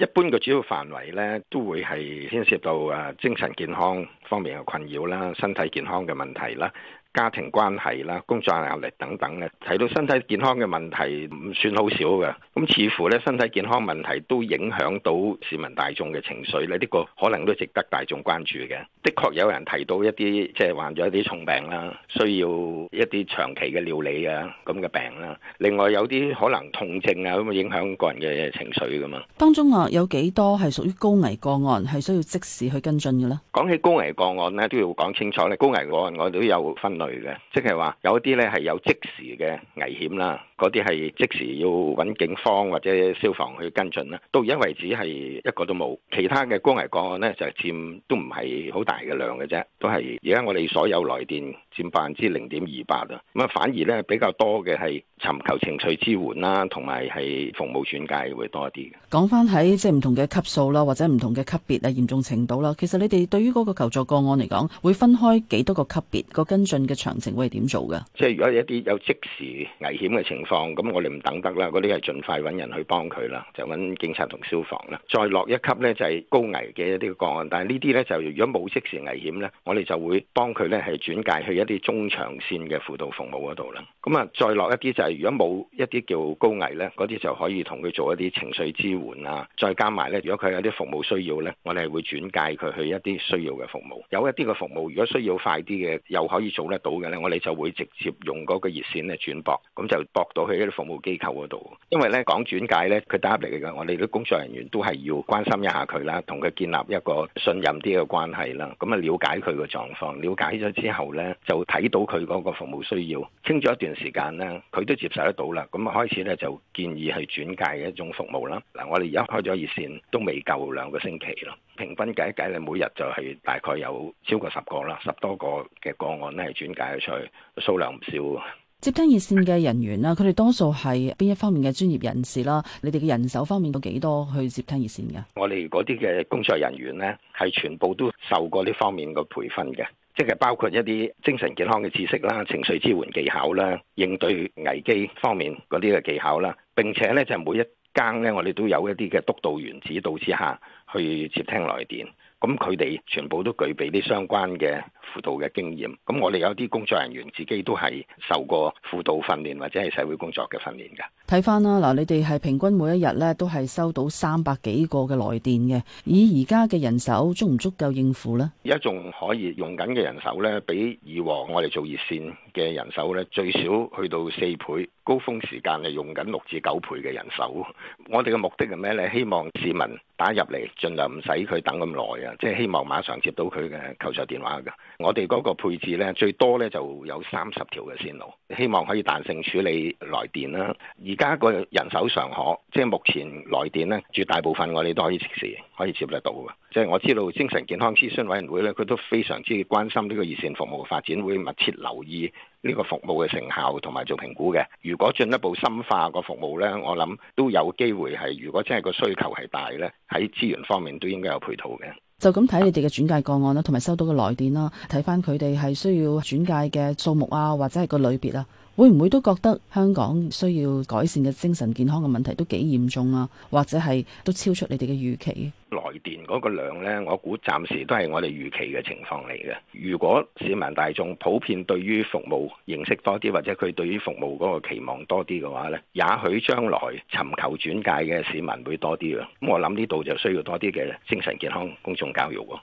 一般嘅主要範圍咧，都會係牽涉到啊精神健康方面嘅困擾啦，身體健康嘅問題啦。家庭關係啦、工作壓力等等咧，提到身體健康嘅問題算好少嘅，唔算好少嘅。咁似乎咧，身體健康問題都影響到市民大眾嘅情緒咧。呢、呢個可能都值得大眾關注嘅。的確有人提到一啲即係患咗一啲重病啦，需要一啲長期嘅料理啊咁嘅病啦。另外有啲可能痛症啊咁，影響個人嘅情緒噶嘛。當中啊，有幾多係屬於高危個案，係需要即時去跟進嘅呢？講起高危個案呢，都要講清楚咧。高危個案我都有分。類嘅，即係話有一啲咧，係有即時嘅危險啦，嗰啲係即時要揾警方或者消防去跟進啦。到而家為止係一個都冇，其他嘅高危個案咧，就佔都唔係好大嘅量嘅啫，都係而家我哋所有來電佔百分之零點二八啦。咁啊，反而咧，比較多嘅係尋求情緒支援啦，同埋係服務轉介會多啲嘅。講翻喺即係唔同嘅級數啦，或者唔同嘅級別啊，嚴重程度啦。其實你哋對於嗰個求助個案嚟講，會分開幾多個級別個跟進嘅詳情會點做㗎？即係如果一啲有即時危險嘅情況，咁我哋唔等得啦，嗰啲係盡快揾人去幫佢啦，就揾警察同消防啦。再落一級咧，就係高危嘅一啲個案。但係呢啲咧，就如果冇即時危險咧，我哋就會幫佢咧係轉介去一啲中長線嘅輔導服務嗰度啦。咁啊，再落一啲就係如果冇一啲叫高危咧，嗰啲就可以同佢做一啲情緒支援啊。再加埋咧，如果佢有啲服務需要咧，我哋係會轉介佢去一啲需要嘅服務。有一啲嘅服務，如果需要快啲嘅，又可以做咧。到嘅咧，我哋就會直接用嗰個熱線咧轉駁，咁就駁到去一啲服務機構嗰度。因為咧講轉介咧，佢打入嚟嘅，我哋啲工作人員都係要關心一下佢啦，同佢建立一個信任啲嘅關係啦。咁啊，了解佢嘅狀況，了解咗之後咧，就睇到佢嗰個服務需要，傾咗一段時間咧，佢都接受得到啦。咁啊，開始咧就建議係轉介嘅一種服務啦。嗱，我哋而家開咗熱線都未夠兩個星期咯。平均計一計，你每日就係大概有超過十個啦，十多個嘅個案咧係轉介出去，數量唔少。接聽熱線嘅人員啦，佢哋多數係邊一方面嘅專業人士啦。你哋嘅人手方面都幾多去接聽熱線嘅？我哋嗰啲嘅工作人員咧，係全部都受過呢方面嘅培訓嘅，即係包括一啲精神健康嘅知識啦、情緒支援技巧啦、應對危機方面嗰啲嘅技巧啦，並且咧就每一間咧，我哋都有一啲嘅督導員指導之下，去接聽來電，咁佢哋全部都具備啲相關嘅輔導嘅經驗。咁我哋有啲工作人員自己都係受過輔導訓練或者係社會工作嘅訓練㗎。睇返啦，嗱，你哋係平均每一日咧都係收到三百幾個嘅來電嘅，以而家嘅人手足唔足夠應付呢？而家仲可以用緊嘅人手咧，比以往我哋做熱線嘅人手咧最少去到四倍，高峰時間係用緊六至九倍嘅人手。我哋嘅目的係咩咧？希望市民。打入嚟，盡量唔使佢等咁耐啊！即係希望馬上接到佢嘅求助電話㗎。我哋嗰個配置呢，最多呢就有三十條嘅線路，希望可以彈性處理來電啦。而家個人手尚可，即係目前來電呢，絕大部分我哋都可以即時，可以接得到嘅，即係，我知道精神健康諮詢委員會咧，佢都非常之關心呢個熱線服務嘅發展，會密切留意呢個服務嘅成效同埋做評估嘅。如果進一步深化個服務咧，我諗都有機會係，如果真係個需求係大咧，喺資源方面都應該有配套嘅。就咁睇你哋嘅轉介個案啦，同埋收到嘅來電啦，睇翻佢哋係需要轉介嘅數目啊，或者係個類別啦。會唔會都覺得香港需要改善嘅精神健康嘅問題都幾嚴重啊？或者係都超出你哋嘅預期？來電嗰個量呢，我估暫時都係我哋預期嘅情況嚟嘅。如果市民大眾普遍對於服務認識多啲，或者佢對於服務嗰個期望多啲嘅話呢，也許將來尋求轉介嘅市民會多啲啊。咁我諗呢度就需要多啲嘅精神健康公眾教育喎。